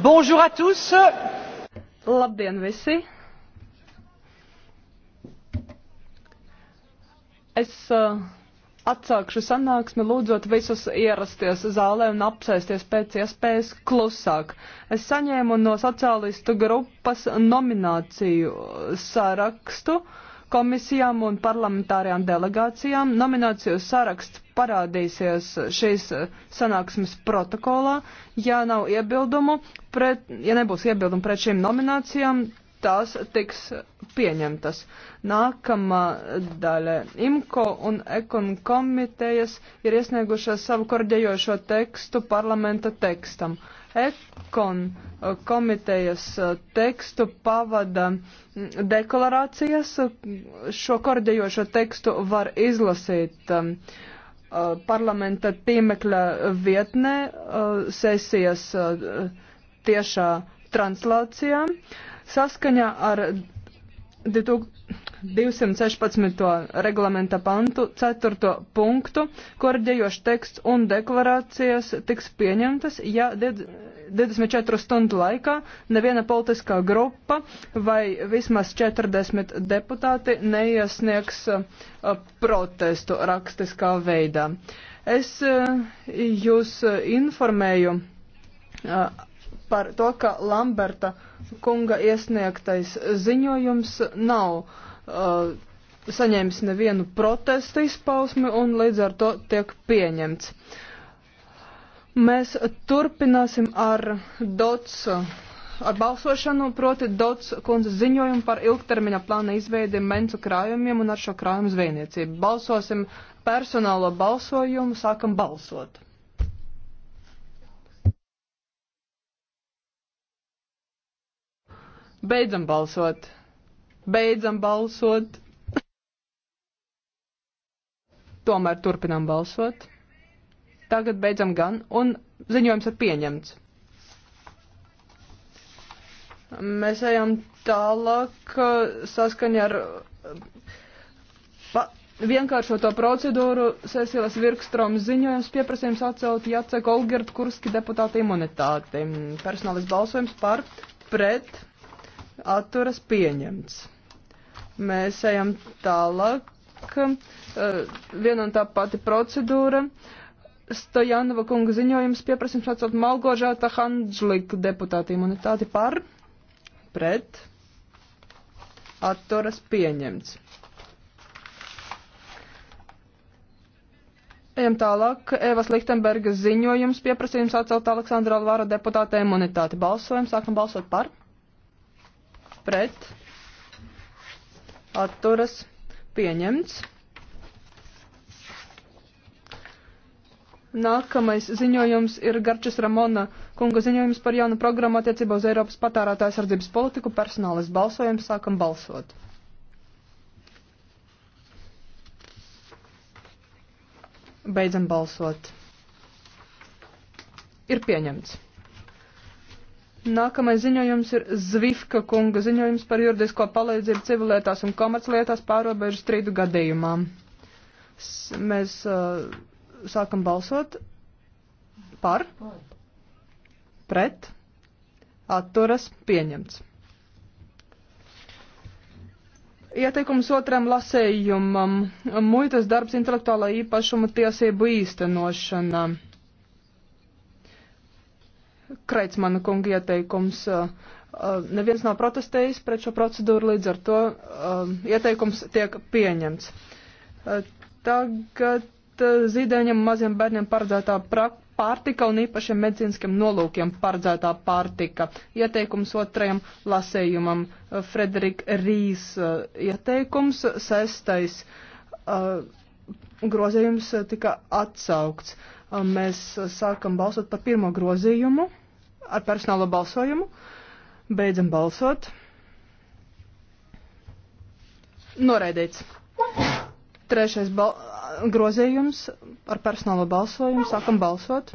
Bonjour à tous! Labdien visi! Es uh, atsākšu sanāksmi lūdzot visus ierasties zālē un apsēsties pēc iespējas klusāk. Es saņēmu no sociālistu grupas nomināciju sarakstu komisijām un parlamentārajām delegācijām. Nomināciju saraksts parādīsies šīs sanāksmes protokolā. Ja nav iebildumu, pret, ja nebūs iebildumu pret šīm nominācijām, tās tiks pieņemtas. Nākamā daļa IMCO un EKON komitejas ir iesniegušas savu korģējošo tekstu parlamenta tekstam. EKON komitejas tekstu pavada deklarācijas. Šo korģējošo tekstu var izlasīt. Um, Uh, parlamenta tīmekļa vietnē uh, sesijas uh, tiešā translācijā saskaņā ar 216. reglamenta pantu 4. punktu, korģējoši teksts un deklarācijas tiks pieņemtas, ja 24 stundu laikā neviena politiskā grupa vai vismaz 40 deputāti neiesniegs uh, protestu rakstiskā veidā. Es uh, jūs uh, informēju par to, ka Lamberta kunga iesniegtais ziņojums nav saņēmis nevienu protesta izpausmi un līdz ar to tiek pieņemts. Mēs turpināsim ar DOTS ar balsošanu, proti DOTS kundzes ziņojumu par ilgtermiņa plāna izveidi mencu krājumiem un ar šo krājumu zvejniecību. Balsosim personālo balsojumu, sākam balsot. Beidzam balsot. Beidzam balsot. Tomēr turpinām balsot. Tagad beidzam gan, un ziņojums ir pieņemts. Mēs ejam tālāk uh, saskaņā ar uh, pa, vienkāršoto procedūru Cecilas Virkstroms ziņojums pieprasījums atcelt Jacek Olgert Kurski deputāta imunitāti. Personālis balsojums par pret atturas pieņemts. Mēs ejam tālāk. Uh, viena un tā pati procedūra. Uh, Stojanova kunga ziņojums pieprasījums atcelt Malgožāta Handžlika deputāta imunitāti par, pret, atturas pieņemts. Ejam tālāk. Evas Lichtenbergas ziņojums pieprasījums atcelt Aleksandra Alvāra deputāta imunitāti. Balsojam, sākam balsot par, pret, atturas pieņemts. Nākamais ziņojums ir Garčes Ramona kunga ziņojums par jaunu programmu attiecībā uz Eiropas patērētājas sardzības politiku personālas balsojumu. Sākam balsot. Beidzam balsot. Ir pieņemts. Nākamais ziņojums ir Zvifka kunga ziņojums par juridisko palīdzību civilietās un komerclietās pārobežu strīdu gadījumām. S mēs uh, Sākam balsot par, pret, atturas pieņemts. Ieteikums otram lasējumam - muitas darbs intelektuālā īpašuma tiesību īstenošana. Kreitsmana kunga ieteikums. Uh, uh, neviens nav protestējis pret šo procedūru, līdz ar to uh, ieteikums tiek pieņemts. Tagad Uh, zīdaiņiem un maziem bērniem paredzētā pārtika un īpašiem medicīniskiem nolūkiem paredzētā pārtika. Ieteikums otrajam lasējumam uh, Frederika Rīs uh, ieteikums, sestais uh, grozījums tika atsaukts. Mēs sākam balsot par pirmo grozījumu ar personālo balsojumu. Beidzam balsot. Noraidīts. Trešais bal grozējums ar personālo balsojumu. Sākam balsot.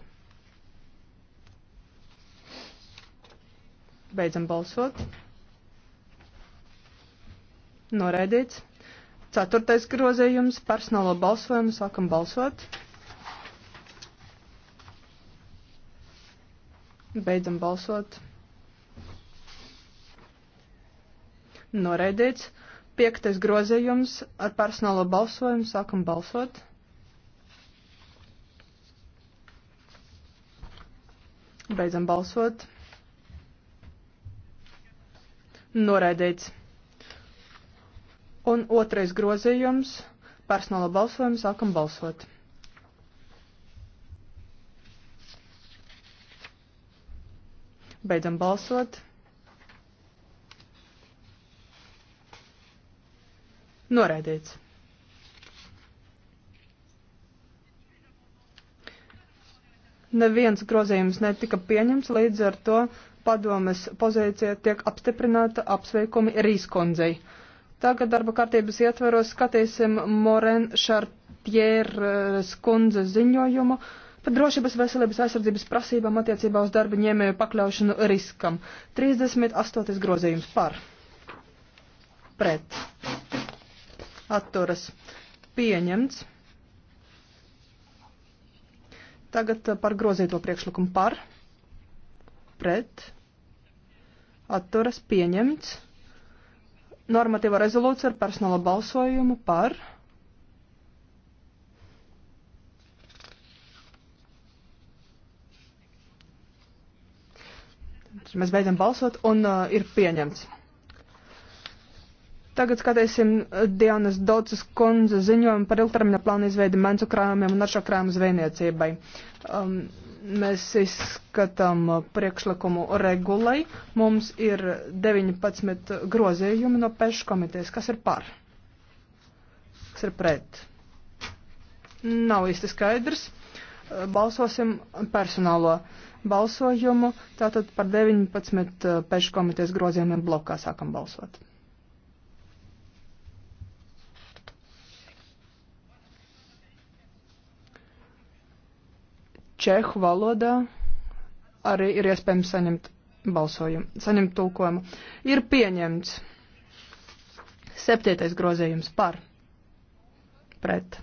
Beidzam balsot. Noraidīts. Ceturtais grozējums - personālo balsojumu. Sākam balsot. Beidzam balsot. Noraidīts. Piektais grozījums ar personālo balsojumu sākam balsot. Beidzam balsot. Noraidīts. Un otrais grozījums - personāla balsojuma sākam balsot. Beidzam balsot. Noraidīts. Neviens grozījums netika pieņemts, līdz ar to padomes pozīcija tiek apstiprināta apsveikumi Rīskundzei. Tagad darba kārtības ietveros skatīsim Moren Šartjēras kundzes ziņojumu par drošības veselības aizsardzības prasībām attiecībā uz darba ņēmēju pakļaušanu riskam. 38. grozījums par. Pret atturas pieņemts. Tagad eh, par grozīto priekšlikumu par, pret, atturas pieņemts. Normatīva rezolūcija ar personāla balsojumu par. Mēs beidzam balsot un uh, ir pieņemts. Tagad skatīsim Dienas Daudzes kundze ziņojumu par ilgtermiņa plānu izveidi mencu krājumiem un aršā krājumu zvejniecībai. Um, mēs izskatām uh, priekšlikumu regulai. Mums ir 19 grozījumi no pešu komitejas. Kas ir par? Kas ir pret? Nav īsti skaidrs. Uh, balsosim personālo balsojumu. Tātad par 19 uh, pešu komitejas grozījumiem blokā sākam balsot. čehu valodā arī ir iespējams saņemt balsojumu, saņemt tulkojumu. Ir pieņemts septietais grozījums par, pret,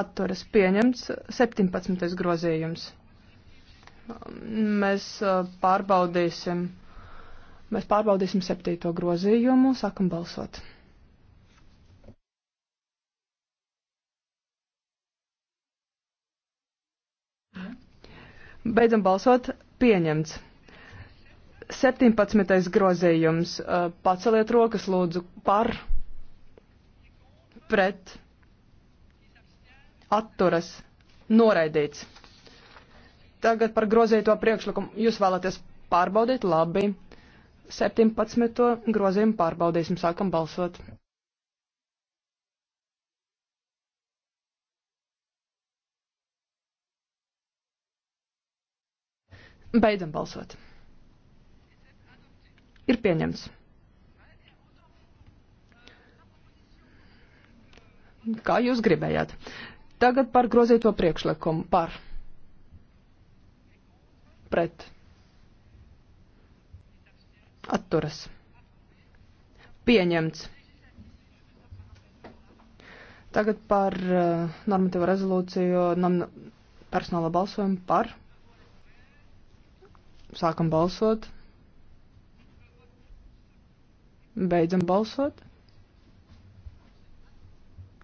atturas pieņemts, septiņpadsmitais grozījums. Mēs uh, pārbaudīsim, mēs pārbaudīsim septīto grozījumu, sākam balsot. Beidzam balsot. Pieņemts. 17. grozījums. Uh, paceliet rokas, lūdzu, par, pret, atturas, noraidīts. Tagad par grozīto priekšlikumu. Jūs vēlaties pārbaudīt? Labi. 17. grozījumu pārbaudīsim, sākam balsot. Beidzam balsot. Ir pieņemts. Kā jūs gribējāt. Tagad par grozīto priekšlikumu. Par. Pret. Atturas. Pieņemts. Tagad par uh, eh, normatīvu rezolūciju, nom, personāla balsojumu par. Sākam balsot. Beidzam balsot.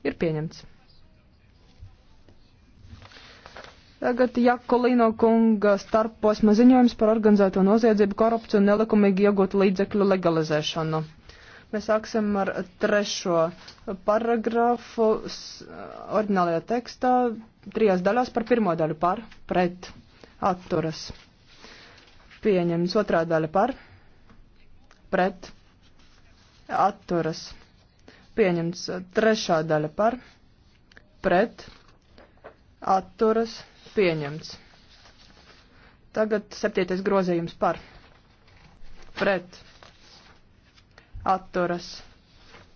Ir pieņemts. Tagad Jakolino kunga starposma ziņojums par organizēto noziedzību, korupciju un nelikumīgi iegūtu līdzekļu legalizēšanu. Mēs sāksim ar trešo paragrafu ordinālajā tekstā, trijās daļās par pirmo daļu par, pret, atturas pieņemts. Otrā daļa par, pret, atturas, pieņemts. Trešā daļa par, pret, atturas, pieņemts. Tagad septītais grozījums par, pret, atturas,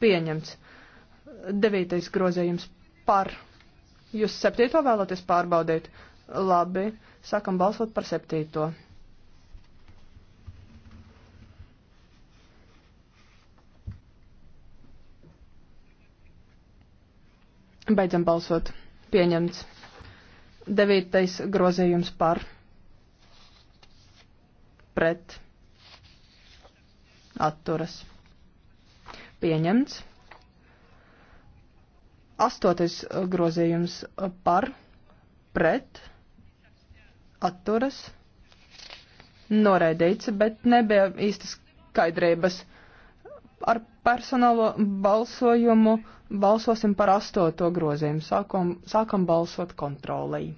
pieņemts. Devītais grozījums par. Jūs septīto vēlaties pārbaudīt? Labi, sākam balsot par septīto. Beidzam balsot. Pieņemts. Devītais grozījums par. Pret. Atturas. Pieņemts. Astotais grozījums par. Pret. Atturas. Noraidīts, bet nebija īstas skaidrības. Ar personālo balsojumu Balsosim par astoto grozījumu. Sākam, sākam balsot kontrolei.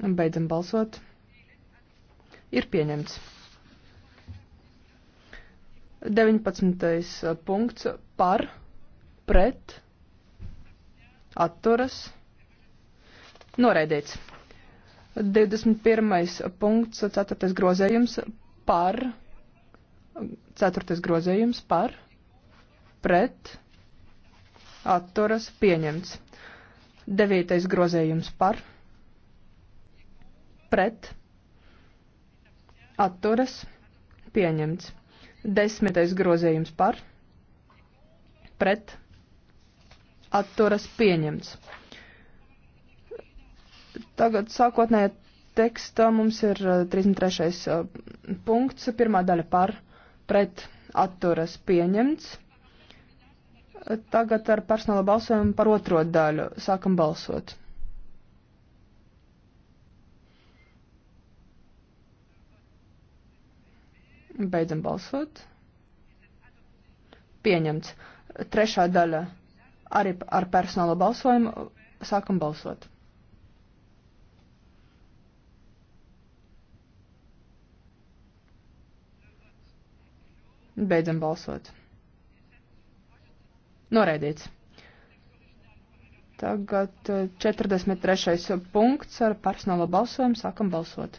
Beidzam balsot. Ir pieņemts. 19. Uh, punkts par, pret, atturas, noraidīts. 21. punkts, 4. grozējums par, pret Ceturtais grozījums par, pret, atturas pieņemts. Devītais grozījums par, pret, atturas pieņemts. Desmitais grozījums par, pret, atturas pieņemts. Tagad sākotnējā tekstā mums ir 33. Eh, eh, punkts, pirmā daļa par pret atturas pieņemts. Tagad ar personāla balsojumu par otro daļu sākam balsot. Beidzam balsot. Pieņemts. Trešā daļa arī ar personāla balsojumu sākam balsot. Beidzam balsot. Noraidīts. Tagad 43. Eh, punkts ar personālo balsojumu. Sākam balsot.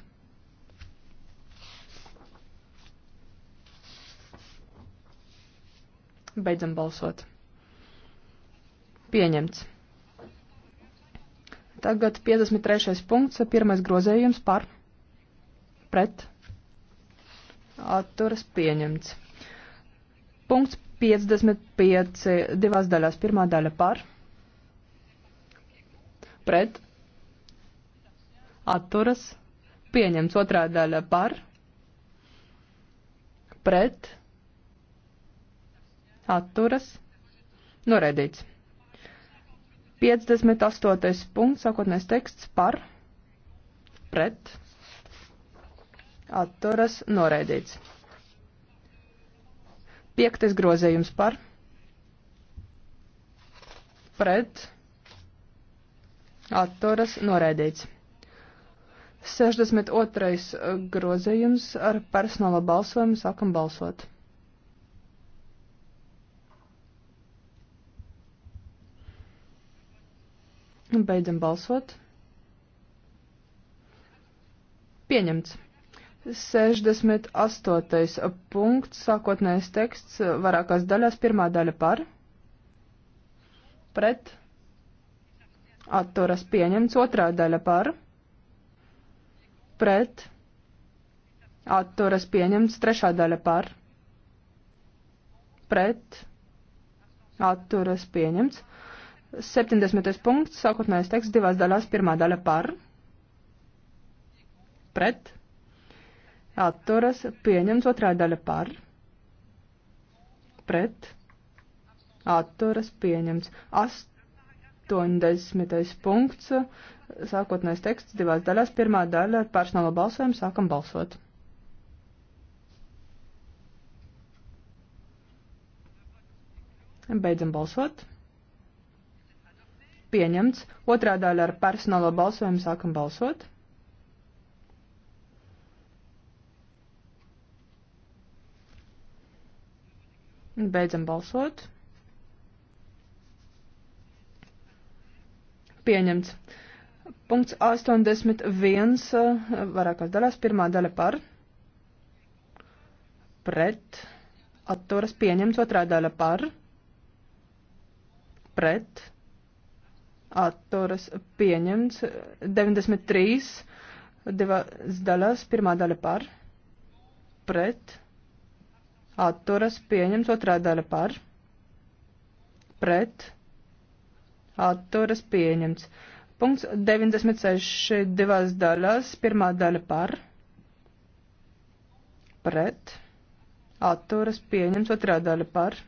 Beidzam balsot. Pieņemts. Tagad 53. punkts, pirmais grozējums par, pret, atturas pieņemts. Punkts 55 divās daļās. Pirmā daļa par, pret, atturas, pieņemts. Otrā daļa par, pret, atturas, noraidīts. 58. punkts, sākotnēs teksts par, pret, atturas, noraidīts. Piektais grozējums par pret atturas noraidīts. 62. Uh, grozījums ar personāla balsojumu sākam balsot. Beidzam balsot. Pieņemts. 68. punkts, sākotnējais teksts, vairākās daļās, pirmā daļa par, pret, atturas pieņemts, otrā daļa par, pret, atturas pieņemts, trešā daļa par, pret, atturas pieņemts, 70. punkts, sākotnējais teksts, divās daļās, pirmā daļa par, pret, atturas pieņemts otrā daļa par, pret, atturas pieņemts. 80. punkts, sākotnēs teksts divās daļās, pirmā daļa ar personālo balsojumu sākam balsot. Beidzam balsot. Pieņemts. Otrā daļa ar personālo balsojumu sākam balsot. Beidzam balsot. Pieņemts. Punkts 81 eh, vairākās daļās. Pirmā daļa par. Pret. Atturas pieņemts. Otrā daļa par. Pret. Atturas pieņemts. 93 divās daļās. Pirmā daļa par. Pret atturas pieņemts otrā daļa par, pret, atturas pieņemts. Punkts 96 divās daļās, pirmā daļa par, pret, atturas pieņemts otrā daļa par,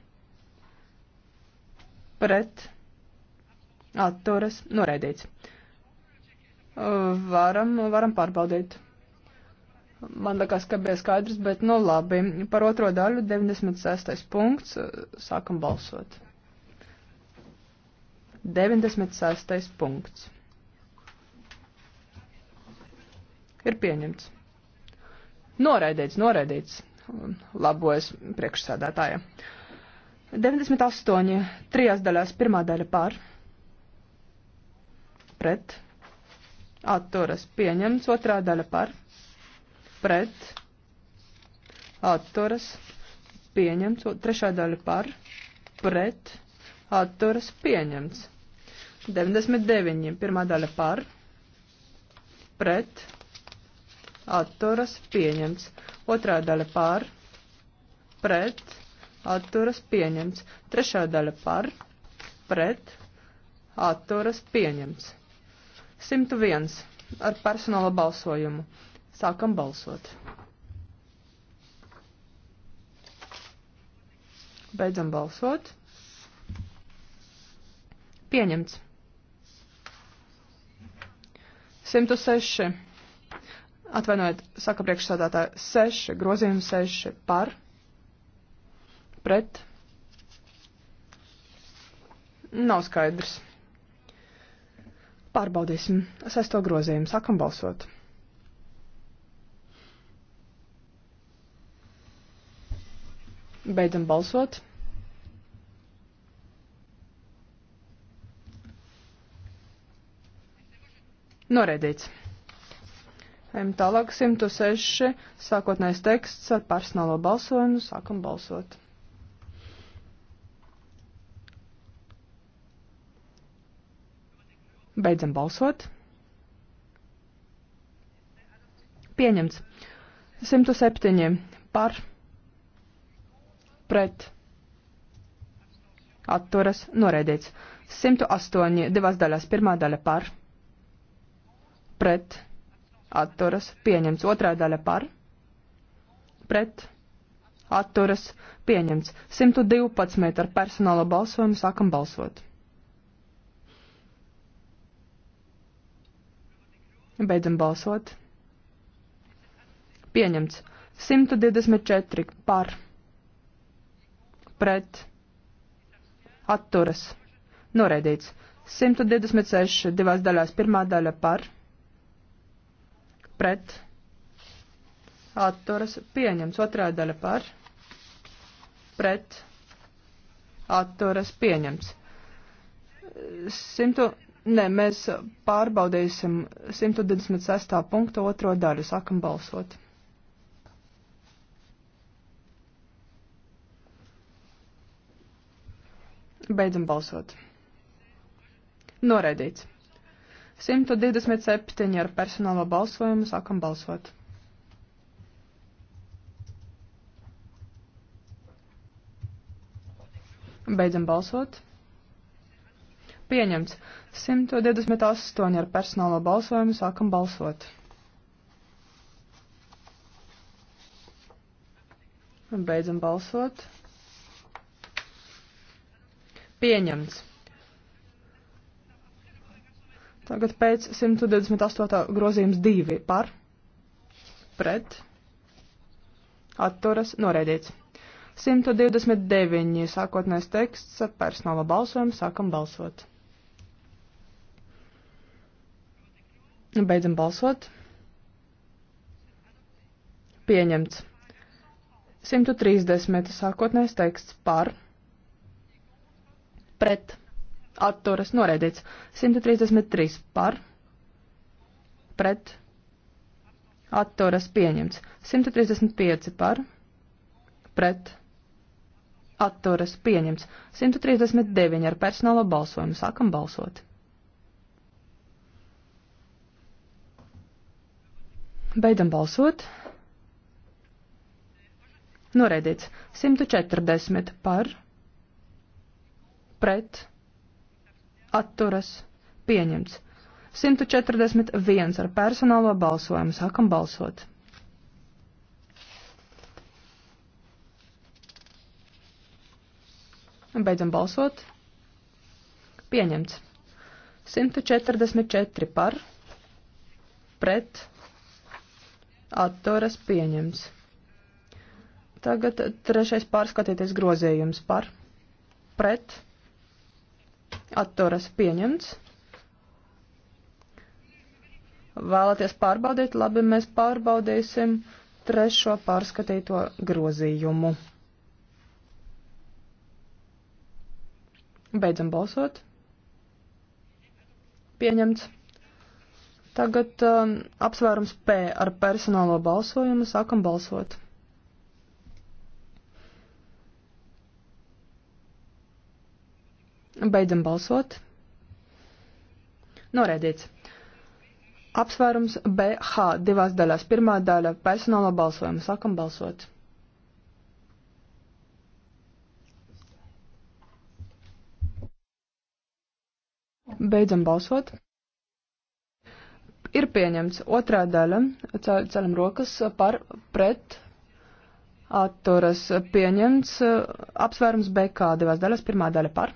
pret, atturas noraidīts. Varam, varam pārbaudīt. Man liekas, ka bija skaidrs, bet nu labi. Par otro daļu 96. punkts. Sākam balsot. 96. punkts. Ir pieņemts. Noraidīts, noraidīts. Labojas priekšsēdētāja. 98. Trijās daļās pirmā daļa pār. Pret. Atturas pieņemts. Otrā daļa pār pret, atturas, pieņemts. Trešā daļa par, pret, atturas, pieņemts. 99. Pirmā daļa par, pret, atturas, pieņemts. Otrā daļa par, pret, atturas, pieņemts. Trešā daļa par, pret, atturas, pieņemts. 101. Ar personāla balsojumu. Sākam balsot. Beidzam balsot. Pieņemts. 106. Atvainojiet, saka priekšsādātāja, 6, grozījums 6 par, pret, nav skaidrs. Pārbaudīsim, sesto grozījumu, sākam balsot. Beidzam balsot. Noraidīts. Ejam tālāk, 106, sākotnējais teksts ar personālo balsojumu, sākam balsot. Beidzam balsot. Pieņemts. 107 par pret atturas noraidīts. 108 divās daļās. Pirmā daļa par, pret, atturas, pieņemts. Otrā daļa par, pret, atturas, pieņemts. 112 ar personāla balsojumu sākam balsot. Beidzam balsot. Pieņemts. 124 par, pret pret atturas noraidīts. 126 divās daļās pirmā daļa par pret atturas pieņems. Otrā daļa par pret atturas pieņems. 100, ne, mēs pārbaudīsim 126. punktu otro daļu. Sākam balsot. Beidzam balsot. Noraidīts. 127 ar personālo balsojumu sākam balsot. Beidzam balsot. Pieņemts. 128 ar personālo balsojumu sākam balsot. Beidzam balsot. Pieņemts. Tagad pēc 128. grozījums 2 par, pret, atturas, noraidīts. 129. sākotnēs teksts, personāla balsojums, sākam balsot. Nu, beidzam balsot. Pieņemts. 130. sākotnēs teksts par, pret pret atturas noraidīts. 133 par pret atturas pieņemts. 135 par pret atturas pieņemts. 139 ar personālo balsojumu. Sākam balsot. Beidzam balsot. Noraidīts 140 par pret, atturas, pieņemts. 141 ar personālo balsojumu sākam balsot. Beidzam balsot. Pieņemts. 144 par, pret, atturas pieņemts. Tagad trešais pārskatīties grozējums par, pret, atturas atturas pieņemts. Vēlaties pārbaudīt? Labi, mēs pārbaudīsim trešo pārskatīto grozījumu. Beidzam balsot. Pieņemts. Tagad um, apsvērums P ar personālo balsojumu. Sākam balsot. Beidzam balsot. Noraidīts. Apsvērums BH divās daļās. Pirmā daļa - personāla balsojuma. Sākam balsot. Beidzam balsot. Ir pieņemts otrā daļa. Ceļam rokas par pret. Atturas pieņemts. Apsvērums BK divās daļās. Pirmā daļa par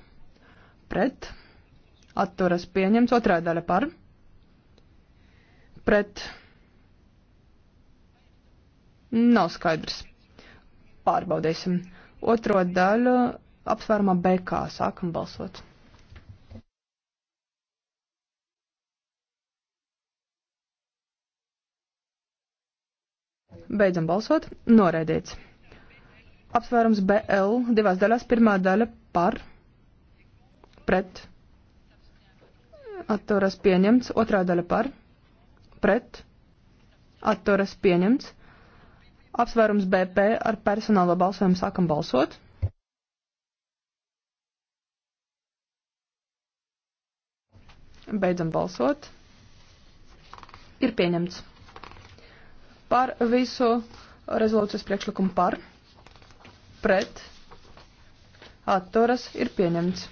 pret, atturas pieņemts, otrā daļa par, pret, nav skaidrs. Pārbaudīsim. Otro daļu apsvērumā BK sākam balsot. Beidzam balsot. Noraidīts. Apsvērums BL divās daļās. Pirmā daļa par pret, atturas pieņemts, otrā daļa par, pret, atturas pieņemts, apsvērums BP ar personālo balsojumu sākam balsot. Beidzam balsot. Ir pieņemts. Par visu rezolūcijas priekšlikumu par, pret, atturas ir pieņemts.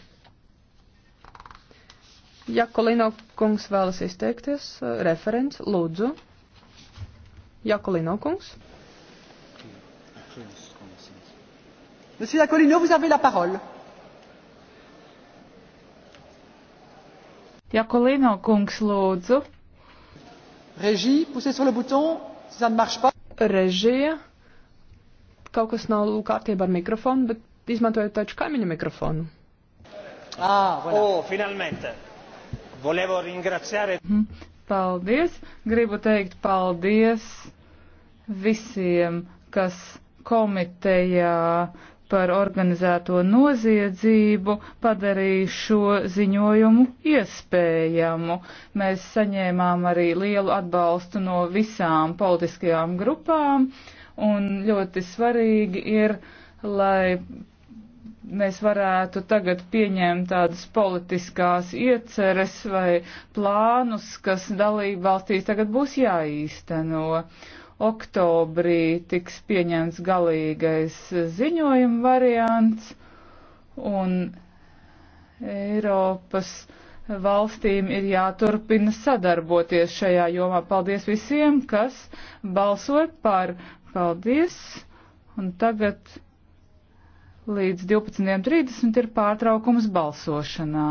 Ja Kolino kungs vēlas izteikties, eh, referents, lūdzu. Jakolino kungs. Monsieur Jacolino, vous avez la parole. Jakolino kungs, lūdzu. Režija, pusē sur le bouton, ça ne marche pas. Režija, kaut kas nav kārtībā ar mikrofonu, bet izmantojot taču kaimiņu mikrofonu. Ah, voilà. Oh, finalmente. Volevo ringraziare. Mhm. Paldies! Gribu teikt paldies visiem, kas komitejā par organizēto noziedzību padarīja šo ziņojumu iespējamu. Mēs saņēmām arī lielu atbalstu no visām politiskajām grupām, un ļoti svarīgi ir, lai mēs varētu tagad pieņemt tādas politiskās ieceres vai plānus, kas dalību valstīs tagad būs jāīsteno. Oktobrī tiks pieņemts galīgais ziņojuma variants un Eiropas valstīm ir jāturpina sadarboties šajā jomā. Paldies visiem, kas balsoja par. Paldies! Un tagad Līdz 12.30 ir pārtraukums balsošanā.